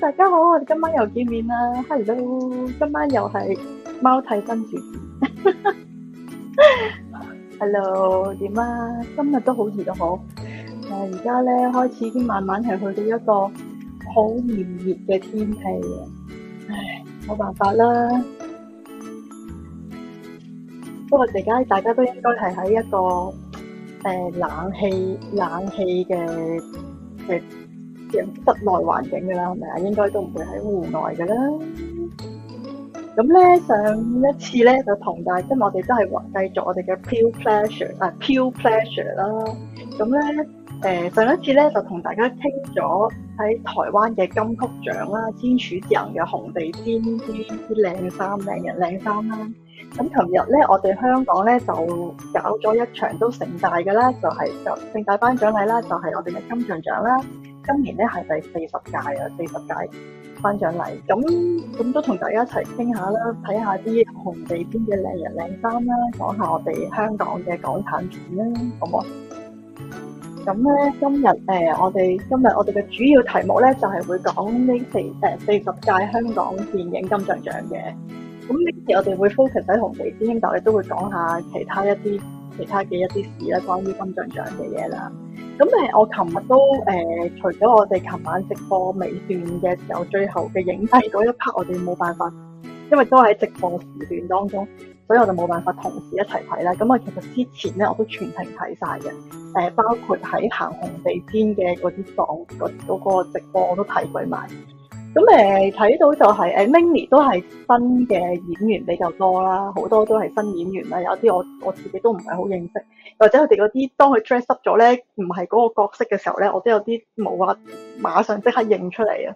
大家好，我哋今晚又見面啦，Hello，今晚又係貓太生住，Hello，點啊？今日都好熱都好，誒、啊，而家咧，開始已經慢慢係去到一個好炎熱嘅天氣，唉，冇辦法啦。不過而家大家都應該係喺一個誒、欸、冷氣冷氣嘅嘅。室內環境嘅啦，係啊，應該都唔會喺戶內嘅啦。咁咧上一次咧就同大家，即係我哋都係話繼續我哋嘅 pure pleasure 啊，pure pleasure 啦。咁咧誒上一次咧就同大家傾咗喺台灣嘅金曲獎啦，先天廚人嘅紅地毯，啲啲靚衫靚人靚衫啦。咁琴日咧我哋香港咧就搞咗一場都盛大嘅啦，就係、係、就盛大頒獎禮啦，就係、係、我哋嘅金像獎啦。今年咧係第四十屆啊，四十屆頒獎禮，咁咁都同大家一齊傾下啦，睇下啲紅地毯嘅靚人靚衫啦，講下我哋香港嘅港產片啦，好冇？好？咁咧今日誒、呃，我哋今日我哋嘅主要題目咧就係、是、會講呢四誒、呃、四十屆香港電影金像獎嘅，咁呢次我哋會 focus 喺紅地毯嘅，但係都會講下其他一啲。其他嘅一啲事咧，關於金像獎嘅嘢啦。咁誒，我琴日都誒、呃，除咗我哋琴晚直播尾段嘅時候，最後嘅影帝嗰一 part，我哋冇辦法，因為都係喺直播時段當中，所以我就冇辦法同時一齊睇啦。咁啊，其實之前咧，我都全程睇晒嘅。誒、呃，包括喺行紅地毯嘅嗰啲檔，嗰、那、嗰個直播我都睇鬼埋。咁誒，睇到就係誒 Mini 都係新嘅演員比較多啦，好多都係新演員啦，有啲我我自己都唔係好認識，或者佢哋嗰啲當佢 dress up 咗咧，唔係嗰個角色嘅時候咧，我都有啲冇話馬上即刻認出嚟啊！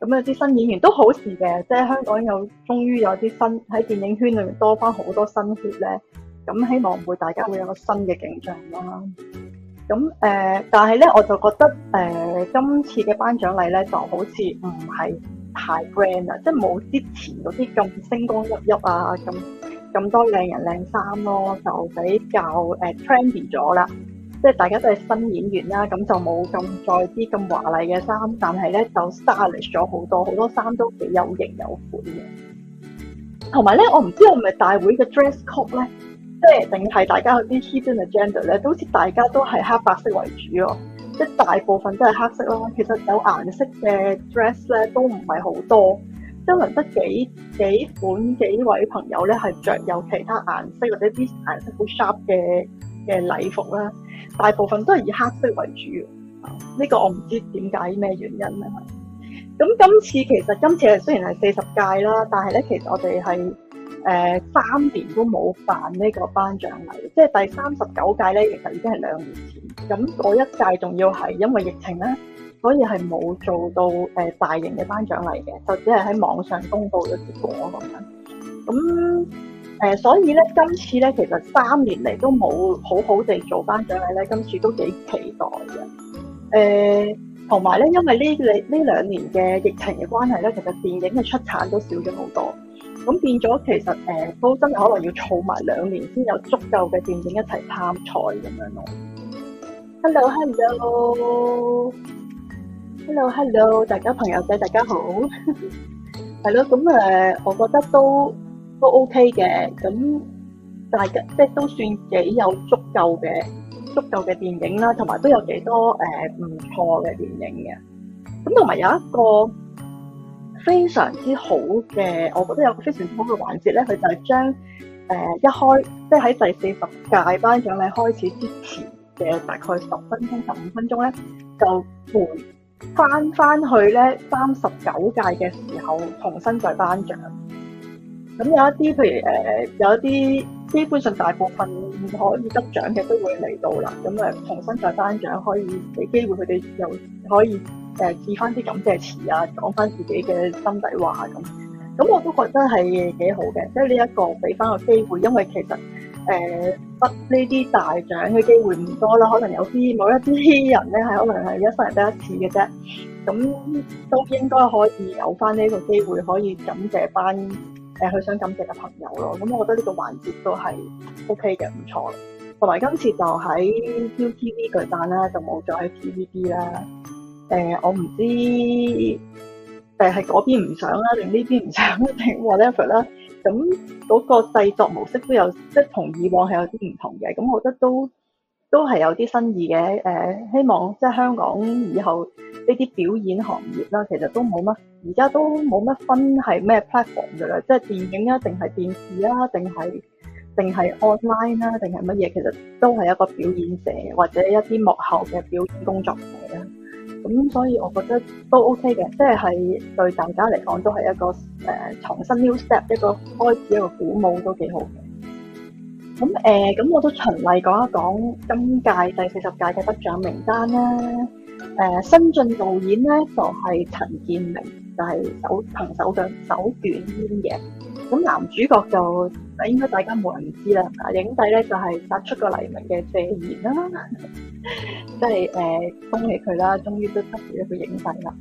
咁有啲新演員都好事嘅，即係香港有終於有啲新喺電影圈裏面多返好多新血咧，咁希望唔會大家會有個新嘅景象啦。咁誒、呃，但係咧，我就覺得誒、呃，今次嘅頒獎禮咧，就好似唔係太 grand 那那陋陋啊，即係冇之前嗰啲咁星光熠熠啊，咁咁多靚人靚衫咯，就比較誒 trendy 咗啦。即係大家都係新演員啦、啊，咁就冇咁再啲咁華麗嘅衫，但係咧就 stylish 咗好多，好多衫都幾有型有款嘅。同埋咧，我唔知係咪大會嘅 dress code 咧。即係定係大家嗰啲 hidden agenda 咧，都好似大家都係黑白色為主哦，即係大部分都係黑色啦。其實有顏色嘅 dress 咧都唔係好多，周係得幾幾款幾位朋友咧係着有其他顏色或者啲顏色好 sharp 嘅嘅禮服啦。大部分都係以黑色為主啊！呢、這個我唔知點解咩原因咧。咁今次其實今次係雖然係四十屆啦，但係咧其實我哋係。誒、呃、三年都冇辦呢個頒獎禮，即係第三十九屆咧，其實已經係兩年前。咁嗰一屆仲要係因為疫情咧，所以係冇做到誒、呃、大型嘅頒獎禮嘅，就只係喺網上公布咗結果咁樣。咁誒、呃，所以咧今次咧，其實三年嚟都冇好好地做頒獎禮咧，今次都幾期待嘅。誒、呃，同埋咧，因為呢兩呢兩年嘅疫情嘅關係咧，其實電影嘅出產都少咗好多。咁變咗，其實誒都真係可能要儲埋兩年先有足夠嘅電影一齊參賽咁樣咯。Hello Hello Hello Hello Hello，大家朋友仔，大家好。係咯，咁誒，我覺得都都 OK 嘅。咁大家即係都算幾有足夠嘅足夠嘅電影啦，同埋都有幾多誒唔錯嘅電影嘅。咁同埋有一個，非常之好嘅，我覺得有個非常好嘅環節咧，佢就係將誒一開，即係喺第四十屆頒獎禮開始之前嘅大概十分鐘、十五分鐘咧，就回翻翻去咧三十九屆嘅時候，重新再頒獎。咁有一啲譬如誒、呃，有一啲基本上大部分唔可以得獎嘅都會嚟到啦。咁啊，重新再頒獎可以俾機會佢哋又可以。誒，致翻啲感謝詞啊，講翻自己嘅心底話咁、啊，咁我都覺得係幾好嘅，即係呢一個俾翻個機會，因為其實誒得呢啲大獎嘅機會唔多啦，可能有啲某一啲人咧，係可能係一生人得一次嘅啫，咁都應該可以有翻呢個機會，可以感謝翻誒佢想感謝嘅朋友咯，咁我覺得呢個環節都係 O K 嘅，唔錯。同埋今次就喺 U T V 舉辦啦，就冇再喺 T V B 啦。誒、呃，我唔知誒係嗰邊唔想啦，定呢邊唔想定 whatever 啦。咁嗰、嗰個製作模式都有，即係同以往係有啲唔同嘅。咁我覺得都都係有啲新意嘅。誒、呃，希望即係香港以後呢啲表演行業啦，其實都冇乜，而家都冇乜分係咩 platform 嘅啦，即係電影啦，定係電視啦，定係定係 online 啦，定係乜嘢，其實都係一個表演者或者一啲幕後嘅表演工作者啦。咁所以，我覺得都 OK 嘅，即係對大家嚟講都係一個誒重新 new step，一個開始，一個鼓舞都幾好嘅。咁誒，咁我都循例講一講今屆第四十屆嘅得獎名單啦。誒，新晉導演咧就係陳建明，就係手憑手腳手捲煙呢啲嘢。咁男主角就應該大家冇人知啦。影帝咧就係殺出個黎明嘅謝賢啦。即係誒，恭喜佢啦！終於都得咗一個影帝啦。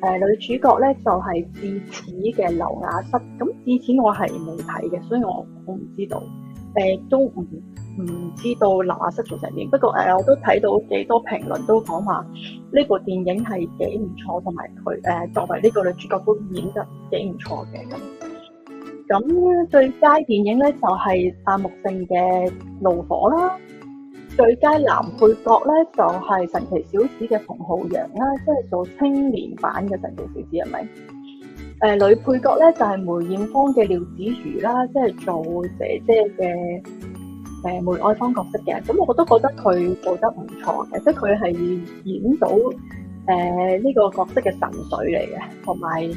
誒、呃，女主角咧就係、是、之此之前嘅劉雅瑟。咁以前我係冇睇嘅，所以我我唔知道。誒、呃，都唔唔知道劉雅瑟做成點。不過誒、呃，我都睇到幾多評論都講話呢部電影係幾唔錯，同埋佢誒作為呢個女主角都演得幾唔錯嘅咁。咁最佳電影咧就係、是、阿木星嘅怒火啦。最佳男配角咧就係神奇小子嘅馮浩陽啦，即、就、係、是、做青年版嘅神奇小子係咪？誒，女配角咧就係梅豔芳嘅廖子妤啦，即、啊、係做姐姐嘅誒、呃、梅愛芳角色嘅，咁 我都覺得佢做得唔錯嘅，即係佢係演到誒呢、呃這個角色嘅神髓嚟嘅，同埋。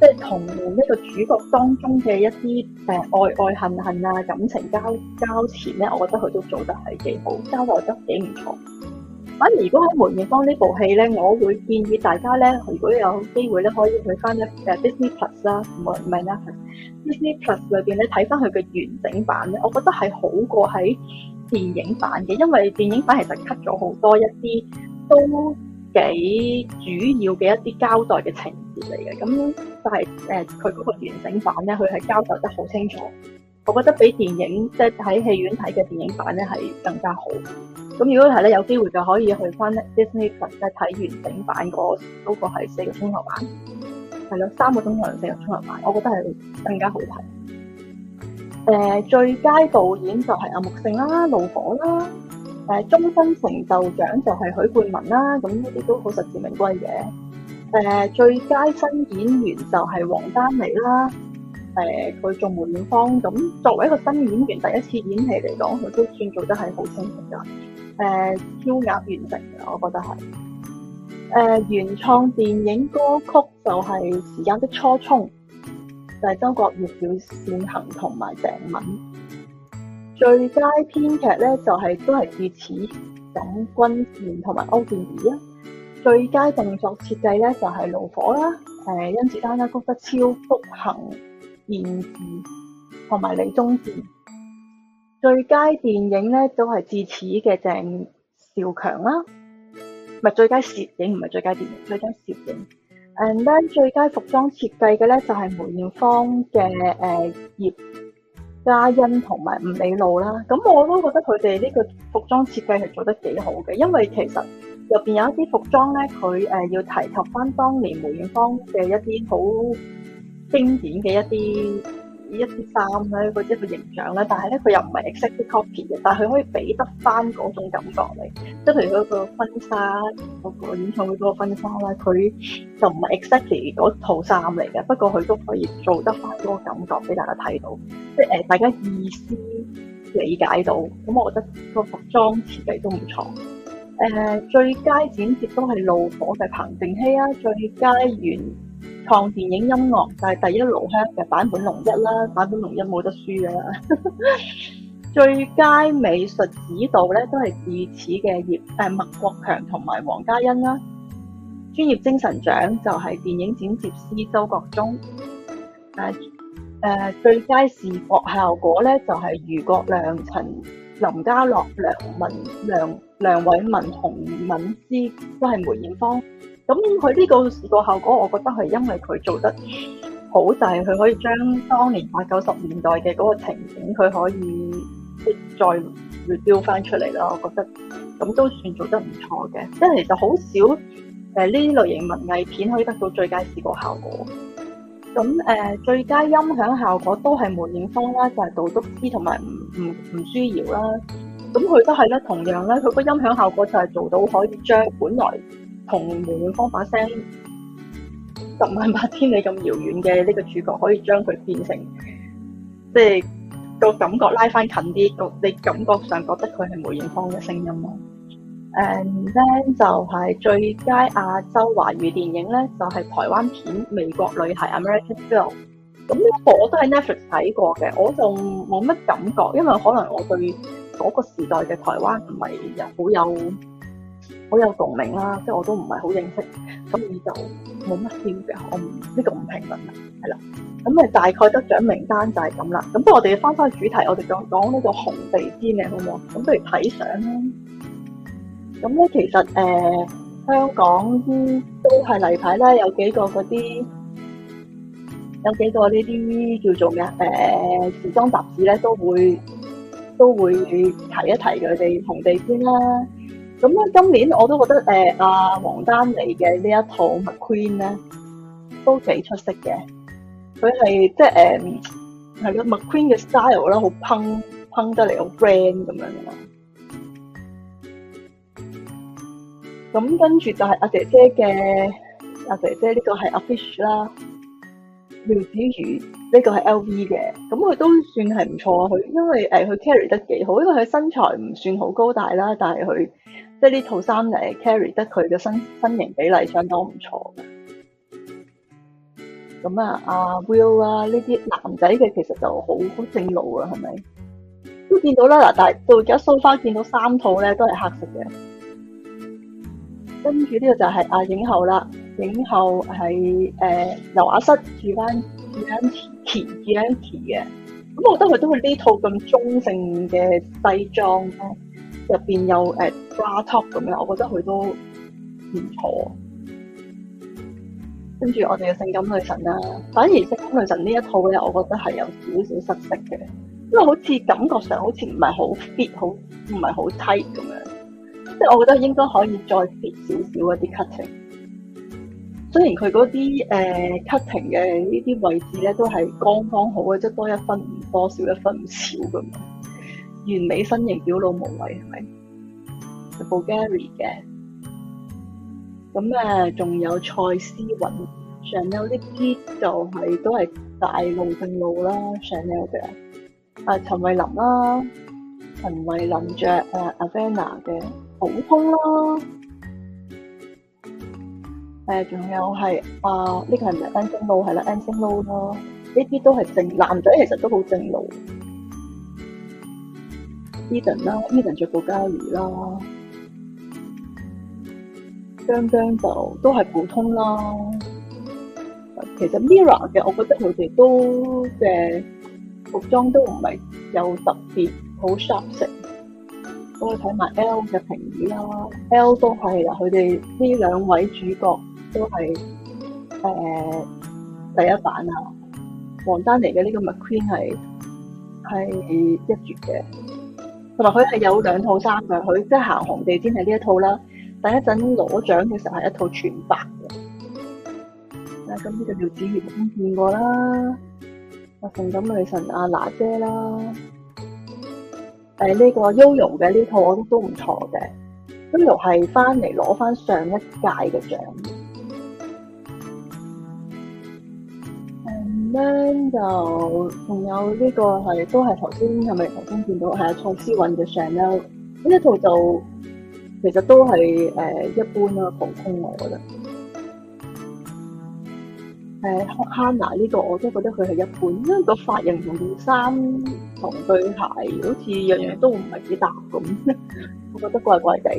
即係同呢個主角當中嘅一啲誒、呃、愛愛恨恨啊感情交交纏咧，我覺得佢都做得係幾好，交代得幾唔錯。反而如果喺梅豔芳呢部戲咧，我會建議大家咧，如果有機會咧，可以去翻一誒 Disney Plus 啦，唔係唔係 Netflix，Disney Plus 裏邊咧睇翻佢嘅完整版咧，我覺得係好過喺電影版嘅，因為電影版其實 cut 咗好多一啲都幾主要嘅一啲交代嘅情。嚟嘅，咁就係、是、誒，佢、呃、嗰個完整版咧，佢係交代得好清楚。我覺得比電影即係喺戲院睇嘅電影版咧係更加好。咁如果係咧，有機會就可以去翻 Disney 即係睇完整版嗰、那、嗰個係、那個、四個鐘頭版，係啦，三個鐘頭四個鐘頭版，我覺得係更加好睇。誒、呃，最佳導演就係阿木勝啦，怒火啦，誒、呃，終身成就獎就係許冠文啦，咁呢啲都好實至名歸嘅。誒、呃，最佳新演員就係王丹妮啦。誒、呃，佢做梅艷芳咁，作為一個新演員，第一次演戲嚟講，佢都算做得係好出色嘅。誒、呃，超額完成嘅，我覺得係。誒、呃，原創電影歌曲就係、是《時間的初衷》，就係、是、周國賢表善、要倩行同埋鄭敏。最佳編劇咧就係、是、都係《智齒》岑君茜同埋歐健兒啊。最佳動作設計咧就係、是、怒火啦，誒、啊、甄子丹啦、郭德超、福行、燕志同埋李忠志。最佳電影咧都係智齒嘅鄭兆強啦，唔、啊、最佳攝影，唔係最佳電影，最佳攝影。誒咧最佳服裝設計嘅咧就係、是、梅艷芳嘅誒、啊、葉嘉欣同埋吳里璐啦。咁、啊、我都覺得佢哋呢個服裝設計係做得幾好嘅，因為其實，入邊有一啲服裝咧，佢誒、呃、要提及翻當年梅艷芳嘅一啲好經典嘅一啲一啲衫咧，嗰啲個形象咧。但係咧，佢又唔係 exactly copy 嘅，但係佢可以俾得翻嗰種感覺嚟。即係譬如嗰個婚紗，嗰、嗰個、演唱會嗰個婚紗咧，佢就唔係 exactly 嗰套衫嚟嘅。不過佢都可以做得翻嗰個感覺俾大家睇到，即係誒、呃、大家意思理解到。咁我覺得個服裝設計都唔錯。誒、呃、最佳剪接都係怒火嘅彭靖熙啦、啊，最佳原創電影音樂就係第一爐香嘅坂本龍一啦、啊，坂本龍一冇得輸嘅啦。 最佳美術指導咧都係自此嘅葉誒麥國強同埋黃嘉欣啦、啊。專業精神獎就係電影剪接師周國忠。誒、呃、誒、呃、最佳視覺效果咧就係、是、余國亮陳。林家樂、梁文、梁梁偉文同敏芝都係梅艷芳，咁佢呢個視覺效果，我覺得係因為佢做得好，就係佢可以將當年八九十年代嘅嗰個情景，佢可以即再 reveal 翻出嚟咯。我覺得咁都算做得唔錯嘅，即係其實好少誒呢、呃、類型文藝片可以得到最佳視覺效果。咁誒、呃、最佳音響效果都係梅豔芳啦，就係、是、杜篤之同埋吳吳吳書瑤啦。咁佢都係咧，同樣咧，佢個音響效果就係做到可以將本來同梅豔芳把聲十萬八千里咁遙遠嘅呢個主角，可以將佢變成即係、就是、個感覺拉翻近啲，個你感覺上覺得佢係梅豔芳嘅聲音咯。誒，then 就係最佳亞洲華語電影咧，就係台灣片《美國女孩》（American Girl）。咁呢部我都喺 Netflix 睇過嘅，我就冇乜感覺，因為可能我對嗰個時代嘅台灣唔係又好有好有共鳴啦，即係我都唔係好認識，咁就冇乜 feel 嘅。我唔呢個唔評論啦，係啦，咁咪大概得獎名單就係咁啦。咁不過我哋翻返去主題，我哋講講呢個紅地氈啊，好唔好？咁不如睇相啦。咁咧其實誒、呃、香港、嗯、都係例牌啦，有幾個嗰啲有幾個呢啲叫做咩誒、呃、時裝雜誌咧都會都會提一提佢哋紅地氈啦。咁咧今年我都覺得誒阿王丹妮嘅呢一套 McQueen 咧都幾出色嘅。佢係即係誒係、呃、咯 McQueen 嘅 style 啦，好 punk punk 得嚟，好 grand 咁樣啦。咁、嗯、跟住就係阿姐姐嘅阿姐姐呢、這個係阿 Fish 啦，廖子妤呢、這個係 L V 嘅，咁、嗯、佢都算係唔錯啊。佢因為誒佢、呃、carry 得幾好，因為佢身材唔算好高大啦，但係佢即係呢套衫誒 carry 得佢嘅身身型比例相當唔錯嘅。咁、嗯、啊，阿 Will 啊呢啲男仔嘅其實就好好正路啊，係咪都見到啦嗱？但係到而家 so far 見到三套咧都係黑色嘅。跟住呢個就係阿、啊、影后啦，影后係誒劉雅瑟穿幾樣 T 幾樣 y 嘅，咁我覺得佢都係呢套咁中性嘅西裝咧，入邊有誒 bra top 咁樣，我覺得佢都唔、呃、錯。跟住我哋嘅性感女神啦，反而性感女神呢一套咧，我覺得係有少少失色嘅，因為好似感覺上好似唔係好 fit，好唔係好 tight 咁樣。不是很即係我覺得應該可以再闢少少一啲 cutting，雖然佢嗰啲誒 cutting 嘅呢啲位置咧都係剛剛好嘅，即係多一分唔多，少一分唔少嘅嘛。完美身形表露無遺係咪？Bvlgari 嘅，咁誒仲有蔡思韻、Chanel 呢啲就係、是、都係大路正路啦，Chanel 嘅，啊陳慧琳啦，陳慧琳着啊 Avana 嘅。普通啦，誒，仲有係啊，呢個係唔係 Anson Lo？係啦 Anson Lo 咯，呢啲都係正男仔，其實都好正路。Eden 啦，Eden 着布加爾啦，張張就都係普通啦。其實 Mirror 嘅，我覺得佢哋都嘅服裝都唔係有特別好 sharp 成。幫佢睇埋 L 嘅評語啦，L 都係啦，佢哋呢兩位主角都係誒、呃、第一版啊，黃丹妮嘅呢個 McQueen 係係一絕嘅，同埋佢係有兩套衫嘅，佢即係行紅地毯係呢一套啦，第一陣攞獎嘅時候係一套全白嘅。啊咁呢個叫子賢都見過啦，阿性感女神阿娜姐啦。誒，呢個優容嘅呢套我覺得都唔錯嘅，優容係翻嚟攞翻上一屆嘅獎。誒，咁就仲有呢個係都係頭先，係咪頭先見到係啊，蔡思韻嘅相優呢一套就其實都係誒、呃、一般啦，普通我覺得。誒、uh，Hannah 呢，這個我都覺得佢係一般，因為個髮型同件衫同對鞋，好似樣樣都唔係幾搭咁， 我覺得怪怪地。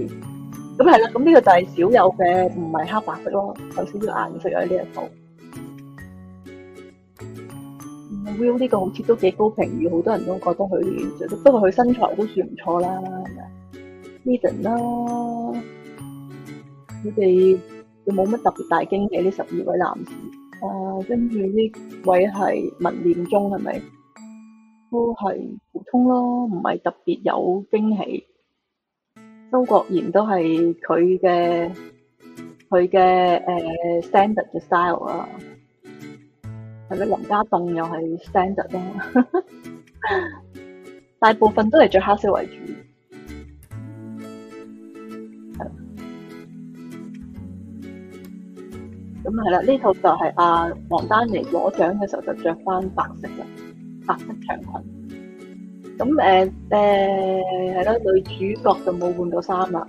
咁係啦，咁呢個就係少有嘅，唔係黑白色咯。首先呢個顏色喺呢一套。Uh, Will 呢個好似都幾高評語，好多人都覺得佢，不過佢身材都算唔錯啦。l i 啦，佢哋又冇乜特別大驚喜呢十二位男士。跟住呢位係文念中係咪都係普通咯，唔係特別有驚喜。周國賢都係佢嘅佢嘅誒、呃、standard 嘅 style 啊，跟住林家棟又係 standard 咯， 大部分都係着黑色為主。咁係啦，呢套就係阿、啊、王丹妮攞獎嘅時候就着翻白色啦，白色長裙。咁誒誒係咯，女主角就冇換過衫啦。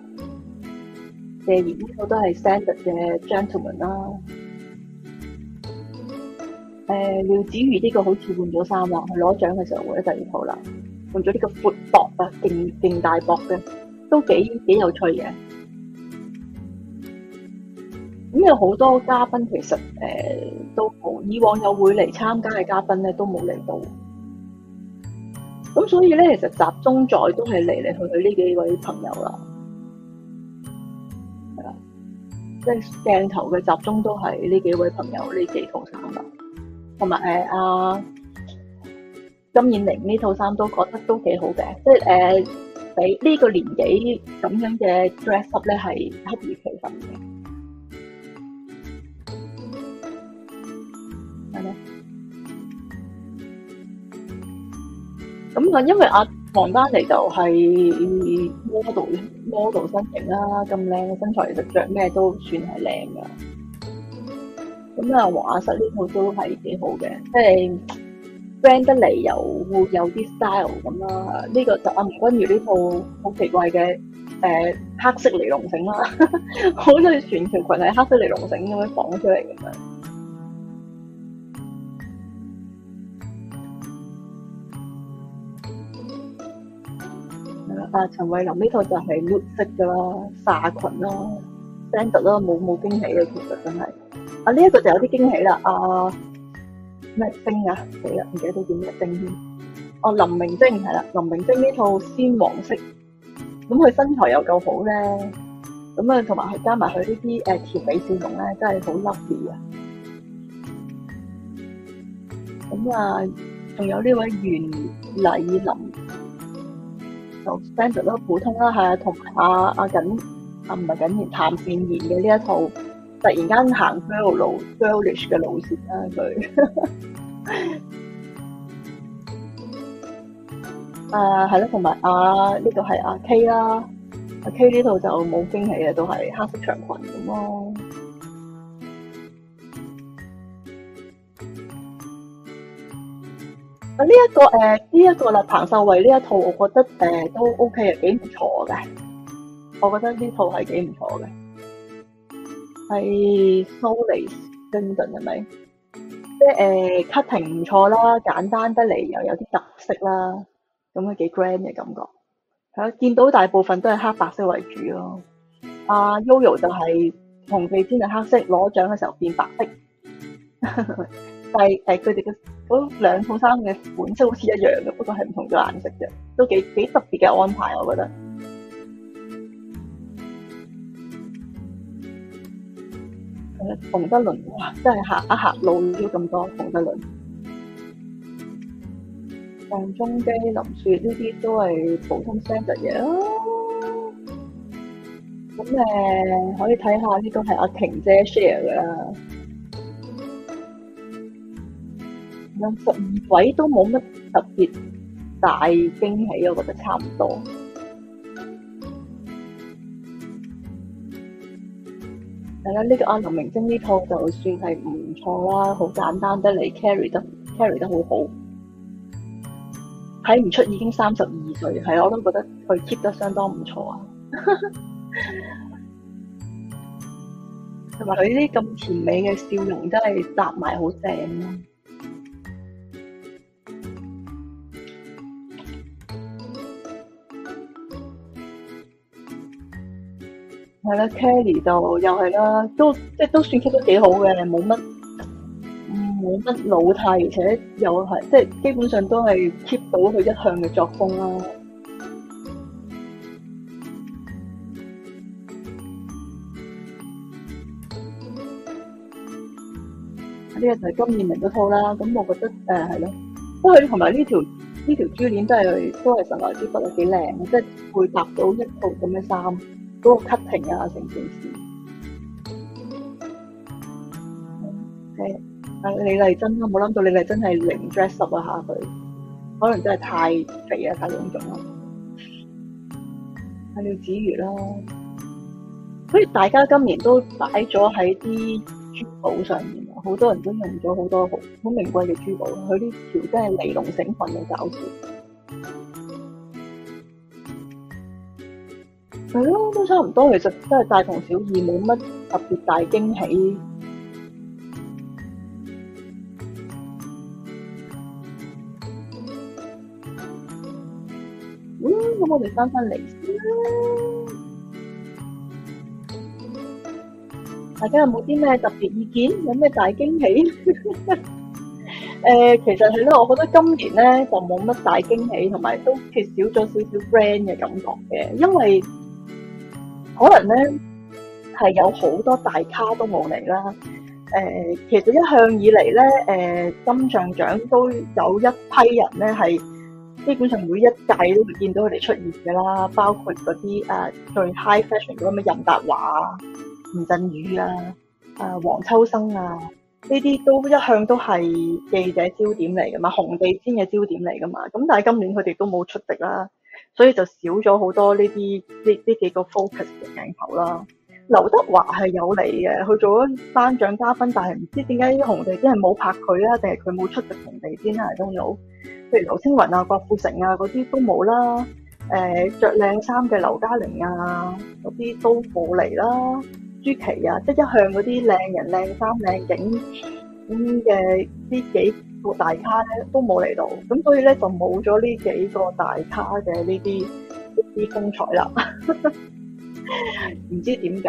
誒而呢套都係 standard 嘅 gentleman 啦、啊。誒、呃，廖子瑜呢個好似換咗衫啊，佢攞獎嘅時候，換咗第二套啦，換咗呢個闊膊啊，勁勁大膊嘅，都幾幾有趣嘅。咁有好多嘉賓，其實誒、呃、都好，以往有會嚟參加嘅嘉賓咧，都冇嚟到。咁所以咧，其實集中在都係嚟嚟去去呢幾位朋友啦，係啦，即係鏡頭嘅集中都係呢幾位朋友、呢幾套衫啦，同埋誒阿金燕玲呢套衫都覺得都幾好嘅，即係誒俾呢個年紀咁樣嘅 dress up 咧係合宜其分嘅。係咯，咁啊、嗯，因為阿唐丹妮就係 model model 身型啦，咁靚嘅身材，其實着咩都算係靚噶。咁啊，黃阿瑟呢套都係幾好嘅，即係 friend 得嚟又會有啲 style 咁啦。呢、這個就阿吳君如呢套好奇怪嘅，誒，黑色尼龍繩啦，好似全條裙係黑色尼龍繩咁樣綁出嚟咁樣。啊，陳慧琳呢套就係綠色噶啦，紗裙啦，standard 啦，冇冇驚喜嘅。其實真係。啊，呢、這、一個就有啲驚喜啦，阿、啊、咩星啊，死啦，唔記得咗叫咩晶添。哦、啊，林明禎係啦，林明禎呢套鮮黃色，咁佢身材又夠好咧，咁啊，同埋佢加埋佢呢啲誒甜美笑容咧，真係好 lovely 啊。咁啊，仲有呢位袁澧林，就 standard 咯，普通啦，係啊，同埋阿阿緊，啊唔係瑾然談善言嘅呢一套，突然間行 girl 路 girlish 嘅路線啦、啊，佢， 啊係咯，同埋阿呢度係阿 K 啦、啊，阿 K 呢套就冇驚喜嘅，都係黑色長裙咁咯、啊。呢一、啊這個誒，呢、呃、一、這個啦，彭秀慧呢一套我覺得、呃 OK，挺不錯的，我覺得誒都 O K 啊，幾唔錯嘅。我覺得呢套係幾唔錯嘅，係蘇黎精進係咪？即係誒、呃、cutting 唔錯啦，簡單得嚟又有啲特色啦，咁、嗯、啊幾 grand 嘅感覺。嚇、啊，見到大部分都係黑白色為主咯、啊。阿、啊、Yoyo 就係紅地氈嘅黑色，攞獎嘅時候變白色。 但係佢哋嘅嗰兩套衫嘅款式好似一樣嘅，是不過係唔同嘅顏色嘅，都幾幾特別嘅安排，我覺得。誒、嗯，馮德倫真係行一行路都咁多，馮德倫、但、嗯、鄭中基、林雪呢啲都係普通聲嘅嘢咯。咁誒、嗯，可以睇下呢個係阿瓊姐 share 嘅。咁五位都冇乜特別大驚喜，我覺得差唔多。係啦，呢個阿、啊、劉明晶呢套就算係唔錯啦，好簡單得嚟，carry 得 carry 得好好，睇唔出已經三十二歲，係我都覺得佢 keep 得相當唔錯啊！同埋佢呢啲咁甜美嘅笑容，真係搭埋好正咯～係啦，Kelly 就又係啦，都即係都算 keep 得幾好嘅，冇乜冇乜老態，而且又係即係基本上都係 keep 到佢一向嘅作風啦、啊。呢、嗯、個就係今年另一套啦，咁我覺得誒係咯，即係同埋呢條呢條珠鏈都係都係神來之筆啊，幾靚啊，即係配搭到一套咁嘅衫。嗰個 cutting 啊，成件事，係、okay。啊李麗珍啦，冇諗到李麗珍係零 dress up 啊，下佢，可能真係太肥啊，太臃腫咯。係廖子如啦，所以大家今年都擺咗喺啲珠寶上面，好多人都用咗好多好好名貴嘅珠寶，佢呢條真係尼龍繩款嘅戒指。係咯，都差唔多。其實真係大同小異，冇乜特別大驚喜。嗯，咁我哋翻返嚟先啦。大家有冇啲咩特別意見？有咩大驚喜？誒，其實係咯，我覺得今年咧就冇乜大驚喜，同埋都缺少咗少少 friend 嘅感覺嘅，因為。可能咧係有好多大咖都冇嚟啦。誒、呃，其實一向以嚟咧，誒、呃、金像獎都有一批人咧係基本上每一屆都會見到佢哋出現㗎啦。包括嗰啲誒最 high fashion 嗰啲咩任達華啊、吳鎮宇啊、啊黃秋生啊，呢啲都一向都係記者焦點嚟㗎嘛，紅地氈嘅焦點嚟㗎嘛。咁但係今年佢哋都冇出席啦。所以就少咗好多呢啲呢呢幾個 focus 嘅鏡頭啦。劉德華係有嚟嘅，佢做咗頒獎嘉賓，但係唔知點解啲紅地氈係冇拍佢啦，定係佢冇出席紅地先啊？都冇。譬如劉青雲啊、郭富城啊嗰啲都冇啦。誒，着靚衫嘅劉嘉玲啊，嗰啲都冇嚟啦。朱琪啊，即係一向嗰啲靚人靚衫靚景咁嘅呢幾。大卡咧都冇嚟到，咁所以咧就冇咗呢幾個大卡嘅呢啲呢啲風采啦。唔 知點解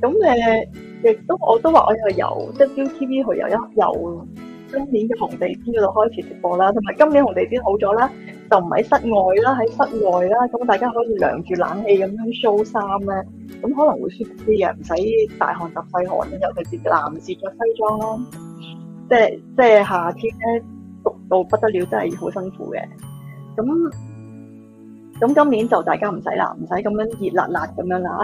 咁誒，亦都我都話我又由即係 ViuTV 去有一有今年嘅紅地毯嗰度開始直播啦，同埋今年紅地毯好咗啦，就唔喺室外啦，喺室外啦，咁大家可以涼住冷氣咁樣 show 衫咧，咁可能會舒服啲嘅，唔使大汗搭細汗，尤其係男士着西裝咯。即係即係夏天咧，焗到不得了，真係好辛苦嘅。咁咁今年就大家唔使啦，唔使咁樣熱辣辣咁樣啦。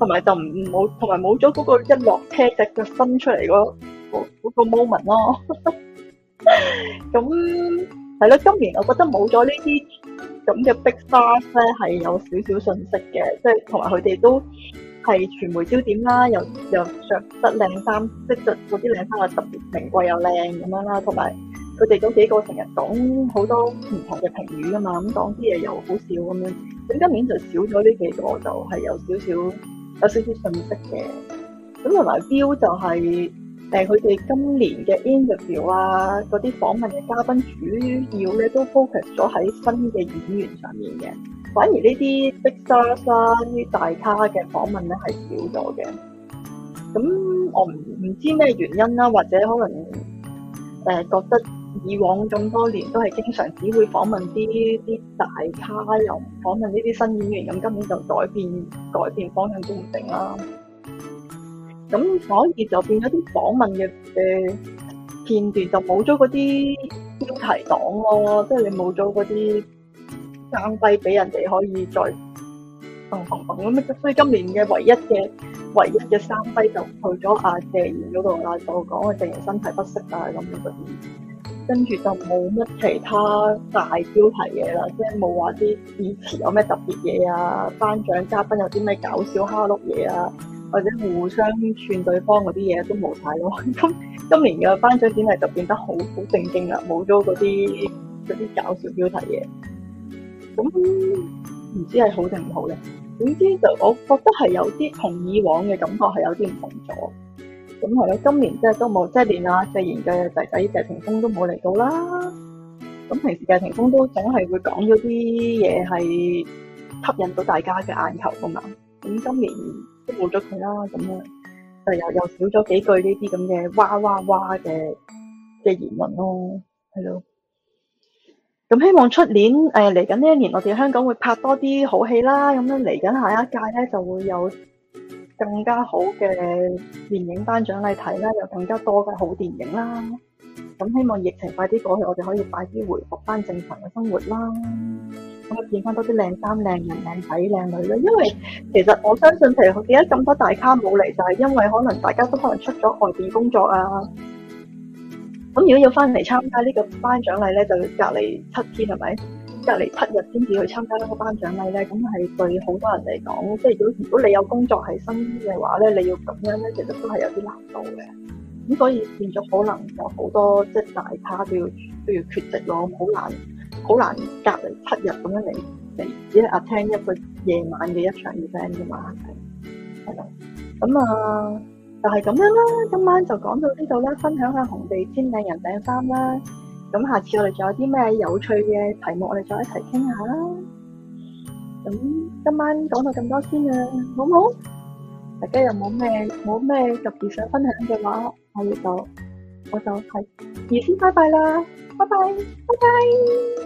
同 埋就唔冇，同埋冇咗嗰個一落車隻腳伸出嚟嗰、嗰個、那個、moment 咯。咁係咯，今年我覺得冇咗呢啲咁嘅 big stars 咧，係有少少信息嘅，即係同埋佢哋都。係傳媒焦點啦，又又着得靚衫，即係着嗰啲靚衫又特別名貴又靚咁樣啦，同埋佢哋都幾個成日講好多唔同嘅評語㗎嘛，咁講啲嘢又好少咁樣。咁今年就少咗呢幾個，就係、是、有少少有少少信息嘅。咁同埋標就係誒佢哋今年嘅 interview 啊，嗰啲訪問嘅嘉賓主要咧都 focus 咗喺新嘅演員上面嘅。反而呢啲 Big Stars 啦，啲大咖嘅訪問咧係少咗嘅。咁我唔唔知咩原因啦，或者可能誒覺得以往咁多年都係經常只會訪問啲啲大咖，又唔訪問呢啲新演員，咁今年就改變改變方向都唔定啦。咁所以就變咗啲訪問嘅誒片段就冇咗嗰啲標題黨咯，即係你冇咗嗰啲。生低俾人哋可以再行行戙，咁所以今年嘅唯一嘅唯一嘅生低就去咗阿、啊、謝賢嗰度啦。就講阿謝賢身體不適啊咁嗰啲，跟、那、住、個、就冇乜其他大標題嘢啦，即係冇話啲以前有咩特別嘢啊，頒獎嘉賓有啲咩搞笑的蝦碌嘢啊，或者互相串對方嗰啲嘢都冇睇咯。咁 今年嘅頒獎典禮就變得好好正經啦，冇咗嗰啲啲搞笑標題嘢。咁唔知係好定唔好咧？總之就我覺得係有啲同以往嘅感覺係有啲唔同咗。咁係咧，今年即係都冇，即係連阿謝賢嘅弟弟謝霆鋒都冇嚟到啦。咁平時謝霆鋒都總係會講咗啲嘢係吸引到大家嘅眼球㗎嘛。咁今年都冇咗佢啦，咁樣就又又少咗幾句呢啲咁嘅哇哇哇嘅嘅言論咯，係咯。咁希望出年誒嚟緊呢一年，我哋香港會拍多啲好戲啦，咁樣嚟緊下一屆咧就會有更加好嘅電影頒獎禮睇啦，有更加多嘅好電影啦。咁希望疫情快啲過去，我哋可以快啲回復翻正常嘅生活啦。可以見翻多啲靚衫、靚人、靚仔、靚女啦。因為其實我相信，其實點解咁多大咖冇嚟，就係因為可能大家都可能出咗外邊工作啊。咁如果要翻嚟參加呢個頒獎禮咧，就要隔離七天係咪？隔離七日先至去參加呢個頒獎禮咧，咁係對好多人嚟講，即係如果如果你有工作喺身嘅話咧，你要咁樣咧，其實都係有啲難度嘅。咁所以變咗可能有好多即係大咖都要都要缺席咯，好難好難隔離七日咁樣嚟嚟，只係 attend 一個夜晚嘅一場 event 嘅嘛。係啦。咁啊～就係咁樣啦，今晚就講到呢度啦，分享下紅地氈靚人靚衫啦。咁下次我哋仲有啲咩有趣嘅題目，我哋再一齊傾下啦。咁今晚講到咁多先啦，好唔好？大家有冇咩冇咩特別想分享嘅話，喺度我就係而家先拜拜啦，拜拜，拜拜。